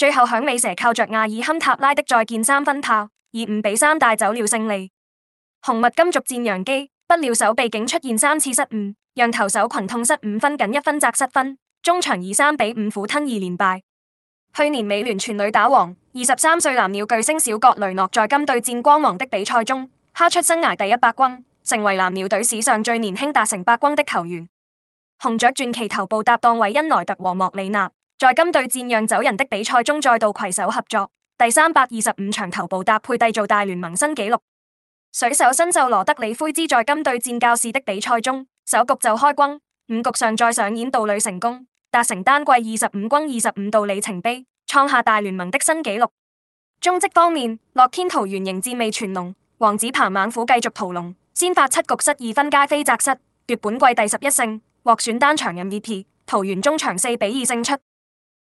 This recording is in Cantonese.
最後響尾蛇靠着亞爾坎塔拉的再見三分炮，以五比三帶走了勝利。紅襪今對戰揚基，不料手臂竟出現三次失誤，讓投手群痛失五分，僅一分責失分。終場以三比五苦吞二連敗。去年美聯全壘打王，二十三歲藍鳥巨星小葛雷諾在今對戰光芒的比賽中，敲出生涯第一百轟，成為藍鳥隊史上最年輕達成百轟的球員。紅雀傳奇投捕搭檔韋恩萊特和莫里納。在今對戰釀酒人的比賽中再度携手合作，第三百二十五場投捕搭配締造大聯盟新紀錄。水手新秀羅德里奎茲在今對戰教士的比賽中首局就開轟，五局上再上演盜壘成功，達成單季二十五轟二十五盜里程碑，創下大聯盟的新紀錄。中職方面，樂天桃猿迎戰味全龍，王子鵬猛虎繼續屠龍，先發七局失二分皆非自責，奪本季第十一勝，獲選單場 MVP。桃猿終場四比二勝出。